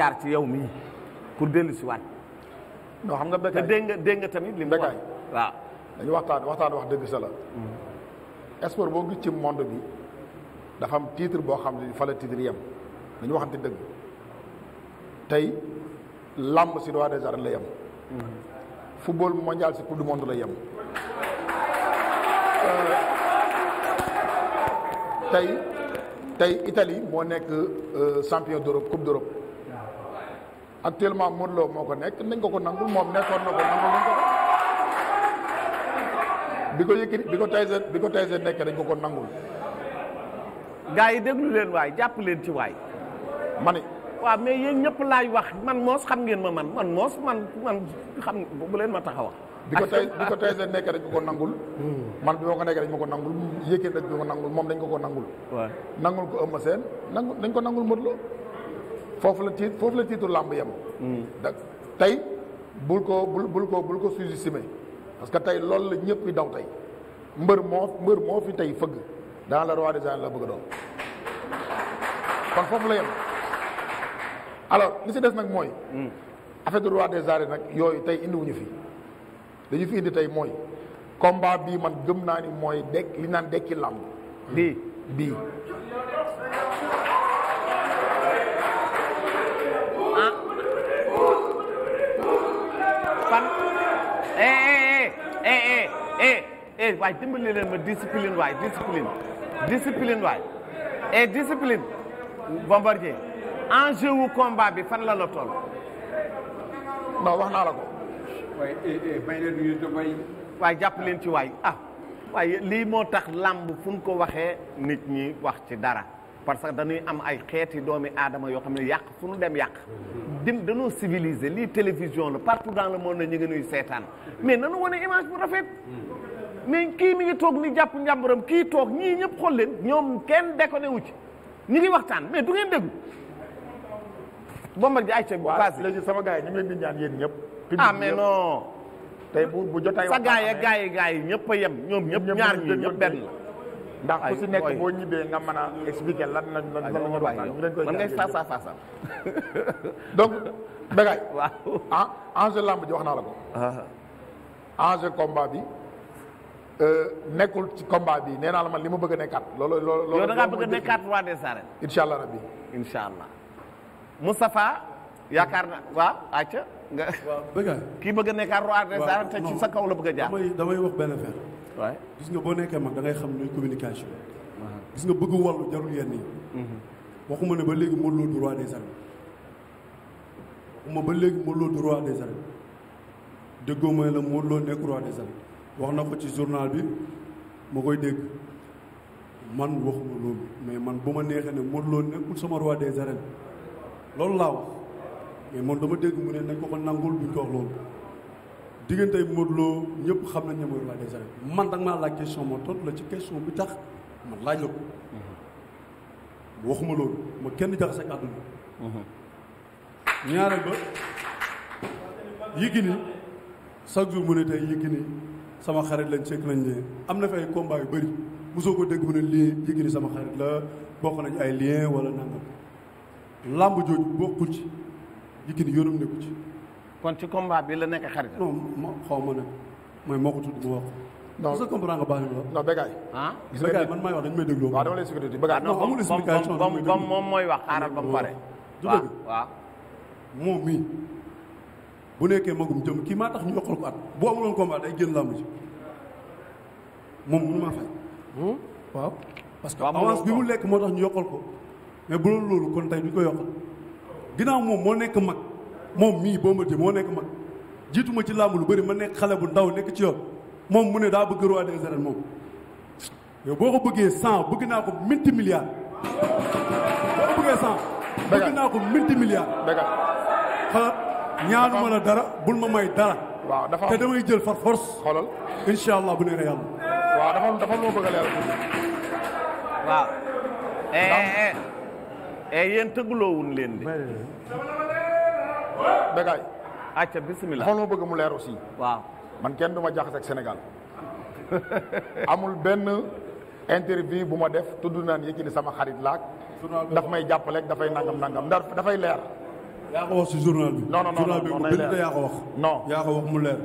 jaar ci yow mii pour dellu waat. non xam nga béykat dégg nga dégg nga tamit li mu wax waaw. dañu waxtaan waxtaan wax dëgg sa la. Mm-hmm. sport boo gis ci monde bi dafa am boo xam ne fala la yem dañu waxante dëgg tey làmb si roi des arènes la yem. Mm-hmm. football mondial si coupe du monde la yem. Euh. tey tey Italie moo nekk euh, champion d'Europe coupe d'Europe actuellement Modou Lo moo ko nekk nañ ko ko nangul moom nekkoon na ko nangul nañ ko ko bi ko Yékini bi ko Tyson bi ko Tyson nekkee dañ ko ko nangul. gars yi déglu leen waay jàpp leen ci waay. ma ne. waaw mais yéen ñëpp laay wax man moos xam ngeen ma man man moos man man xam bu leen ma tax a wax. bi ko tay bi ko Tyson nekkee dañ ko ko nangul. Hmm. man bi ma ko nekkee dañ ma ko nangul Yékini dañ ko ko nangul moom dañ ko ko nangul. waaw nangul ko Eumeu Sène nangu dañ ko nangul Modou Lo. foofu la tiit foofu la tiitu làmb yem. Hmm. da tey bul ko bul ko bul ko sous-estimé parce que tey loolu la ñëpp di daw tey mbër moo mbër moo fi tey fëgg dans le roi des arènes la bëgg a kon foofu la yem alors li si des nag mooy. Hmm. affaire du roi des arènes nag yooyu tey indiwuñu fi dañu fi indi tey mooy combat bii man gëm naa ni mooy dekk li naan dekki làmb. bii bii. eh waay dimbali leen ma discipline waay discipline discipline waay et eh, discipline bombardier enjeu wu combat bi fan la la toll. wax naa la ko. Eh, eh, waaye jàpp leen ci waay ah waaye lii moo tax lamb fu ko waxee nit ñi wax ci dara parce que dañuy am ay xeeti doomi aadama yoo xam ne yàq fu ñu dem yàq. dim dañoo civiliser lii télévision la partout dans le monde ñu ngi nuy seetaan mais nanu wane image bu rafet. mais kii mi ngi toog ni jàpp njàmburam kii toog ñii ñëpp xool leen ñoom kenn déconné wu ci ñu ngi waxtaan mais du ngeen déglu. bombar ji ay ca baasi léegi sama gars yi di ñaan yéen ñëpp. ah mais non. tey bu bu jotaay sa gars yi gars yi gars yi ñëpp a yem ñoom ñëpp ñaar ñii ñëpp benn la. ndax ku si nekk boo ñibee nga mën a expliquer lan lañ lan lañ war a waxtaan man ngay face à face donc Bécaye. waaw ah enjeu lamb wax naa la ko. Ah, ah. enjeu combat bi. Euh, nekkul ci combat bi nee naa la man li ma bëgg a nekkaat. loolu loolu loolu yow da ngaa bëgg a nekkaat roi des arènes. incha allah rabbi. incha allah Moustapha yaakaar na waaw acca nga. waaw bëgg naa kii bëgg a nekkaat roi des arènes te ci sa kaw la bëgg a jaar. damay damay wax benn affaire. waay gis nga boo nekkee mag da ngay xam nuy communication. gis nga bëgg wàllu jarul yenn yi. Mhm. waxuma ne ba léegi Modou Lô du roi des arènes. waxuma ba léegi Modou Lô du roi des arènes. déggoo mooy la Modou Lô nekk roi des arènes. wax na ko ci journal bi ma koy dégg man waxuma loolu mais man bu ma neexee ne Modou Lo nekkul sama roi des arènes loolu laa wax mais man dama dégg mu ne nañ ko ko nangul duñ ko wax loolu diggante Modou Lo ñëpp xam nañ ne mooy roi des arènes man da nga maa laaj question ma tontu la ci question bi tax man laaj la ko mhm. waxuma loolu ma kenn jaxase ak àdduna mhm. ñaareel ba Yékini chaque jour mu ne tey Yékini sama xarit la sekk lañ am na fi ay combat yu bëri mosoo ko dégg mu ne lii Yékini sama xarit la bokk nañ ay lien wala nangam làmb jooju bokkul ci Yékini yoonam nekku ci. kon ci combat bi la nekk xarit. non ma xaw mooy moo ko tudd ma wax. non sa comprendre nga baax na non Bécaye. ah man maay wax dañu may dégloo. moom moom mooy wax xaaral ba mu pare. waaw waaw bu nekkee magum jëm kii maa tax ñu yokkal ko at bu amuloon combat day hmm? que avance bi mu lekk moo tax ñu yokkal mais bu loolu loolu kon tey du ko yokkal ginnaaw moom moo nekk mag moom mii boo ma jëm moo nekk mag jiitu ma ci làmb lu bari ma nekk xale bu ndaw nekk ci yoon moom mu ne daa bëgg roi des moom yow boo ko bëggee cent bëgg naa ko minti milliards boo ko bëggee cent bëgg naa ko minti milliards xalaat ñaanu la dara bul ma may dara. waaw dafa te damay jël far force. xoolal incha allah bu neexee yàlla. waaw dafa dafa loo bëgg a leeral. waaw. Eh, ndax eh, eh. yéen tëgguloowuñ leen de. Bégaay. acca bisimilah dafa bëgg mu leer aussi. waaw man kenn du ma jaxase ak Sénégal. amul benn interview bu ma def tudd naan Yékini sama xarit laak daf may jàppaleeg dafay nangam nangam ndax dafay leer. yaa ko wax si journal bi. non non non journal bi ku bind te yaa ko wax. non yaa ko wax mu leer.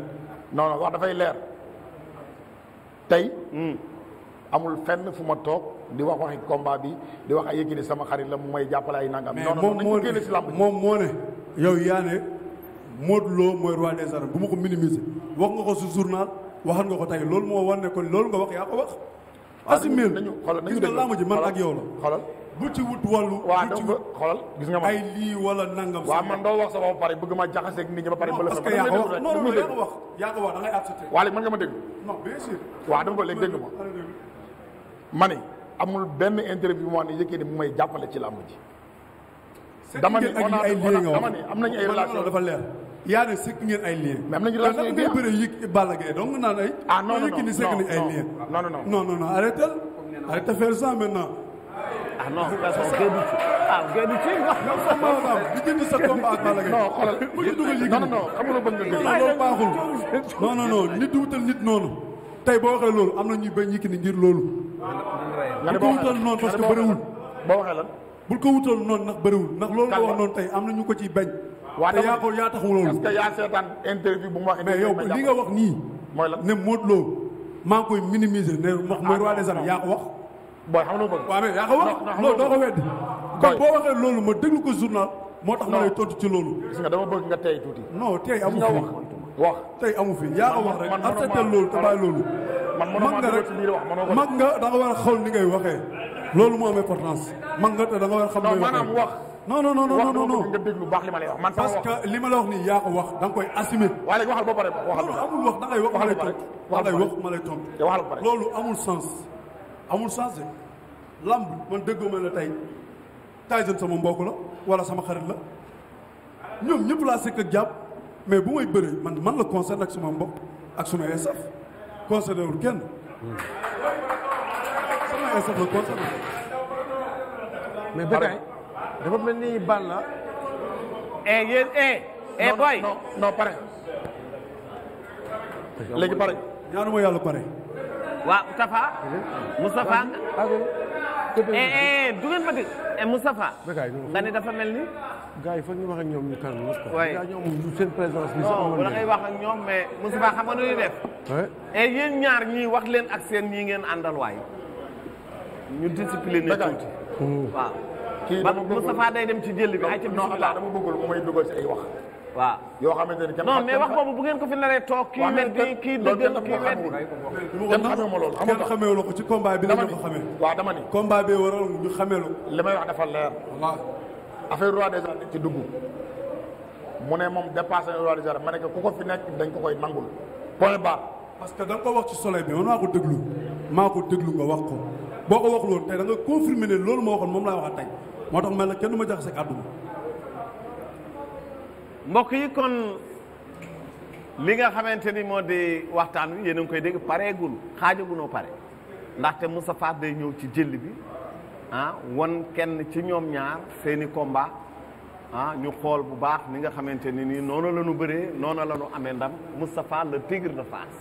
non non wax dafay leer tey. Hmm. amul fenn fu ma toog di wax waxi combat bi di wax ay Yékini sama xarit la mu may jàppale ay nangam. non non moom moo ne yow yaa ne Modou Lo mooy roi des arènes bu ma ko minimiser wax nga ko si journal waxan nga ko tey loolu moo war ne kon loolu nga wax yaa ko wax. asumir dañu xoolal dañu gis nga làmb ji man ak yow la bu ci wut wàllu. waaw da nga xoolal gis nga ma ay lii wala nangam. waaw man doo wax sa bopp ba pare bëgg ma jaxase ak nit ñi ba pare. parce que yaa ko wax non non yaa ko wax yaa ko wax da léegi mën nga ma dégg. non bien sûr. waaw dama bu ma jàppale ci làmb ji. dama ne on a dama ne am nañu ay relation dafa leer. yaa ne sekk ngeen ay lien. mais am nañu relation yi bien bëre yi Balla Gaye donc ay. ah non non non Yékini sekk nañu ay ah non façon Guédouti ah Guédouti nga xam ne. di jënd sa combat ak Balla Gaye. non xoolal non non xam nga bëgg loolu baaxul. non non nit du wutal nit noonu. tey boo waxee loolu am na ñuy bañ ñi ki ni ngir loolu. nga ko wutal noonu parce que bëriwul. boo waxee lan. bul ko wutal noonu ndax bëriwul ndax loolu nga wax noonu tey am na ñu ko ciy bañ. waaw te yaa ko yaa taxul loolu. bu mu wax. mais yow li nga wax nii. mooy lan ne Modou Lo maa ngi koy minimiser ne wax mooy ah, roi des yaa ko wax booy xam nga lu ma bëgg. waaw wax non doo ko weddi. booy boo waxee loolu ma déglu ko journal. moo tax ma lay tontu loolu. nga dama bëgg nga tey tuuti. non tey amu fi wax tey amu fi yaa ko wax rek. man loolu te bàyyi loolu. man nga rek mag nga da nga war a xool ni ngay waxee. loolu moo am importance. mag nga te da nga war a xam ni non non non non non non baax li ma lay wax man parce que li ma la wax nii yaa ko wax da nga koy assumer. waaye léegi waxal ba amul wax da wax ma lay tontu. waxal ba pare waxal ma lay tontu. loolu amul sens. amul chance lamb man déggoo ma ne tey Tyson sama mbokk la wala sama xarit la ñoom ñëpp laa sëkk ak jàpp mais bu may bëree man man la concerne ak suma mbokk ak suma esaf concerné wul kenn sama esaf la concerné mais Bécaye dafa mel eh, eh, eh, pare léegi pare ñaanuma yàlla waaw Moustapha. Moustapha nga. Eh, eh, du ngeen ma dégg. Eh, Moustapha. nga ne dafa mel ni. gars yi fa ñu wax ak ñoom ñu calme Moustapha. waaye ñoom ñu seen présence bi. wax ak ñoom mais Moustapha xam nga nu ñuy def. oui. yéen ñaar ñii wax leen ak seen ñii ngeen àndal waay. ñu discipliné tuuti. Hmm. waaw. kii dama bëggul Moustapha day dem ci jël bi ay ci bisimilah. non dama bëggul mu may ay wax. waaw yoo xamante ne non mais wax boobu bu ngeen ko fi naree toog kii wet bi kii dëggal kii wet kenn xamee ma loolu kenn xamee la ko ci combat bi la ñu ko xamee waaw dama ni combat bi waral ñu xamee lu li may wax dafa leer waaw affaire roi des arènes ci dugg mu ne moom dépassé na roi des arènes ma ne ko ku ko fi nekk dañ ko koy nangul point barre parce que da nga ko wax ci soleil bi man maa ko déglu maa ko déglu nga wax ko boo ko wax loolu tey da nga confirmé ne loolu moo waxoon moom laa waxaat tey moo tax mel na kenn du ma jaxase àdduna mbokk yi kon li nga xamante ni moo di waxtaan wi yéen a ngi koy dégg pareegul xaajagunoo pare ndaxte Moustapha day ñëw ci jëll bi ah wan kenn ci ñoom ñaar seeni combat ah ñu xool bu baax ni nga xamante ni nii noonu la ñu bëree noonu la ñu amee ndam Moustapha le tigre de Fass.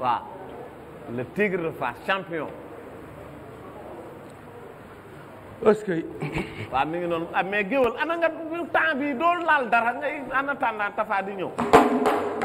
waaw le tigre de Fass champion. est-ce que. waaw mi ngi noonu ah mais géwël ana nga temps bi doo laal dara ngay ana tàndaan tafaa di ñëw.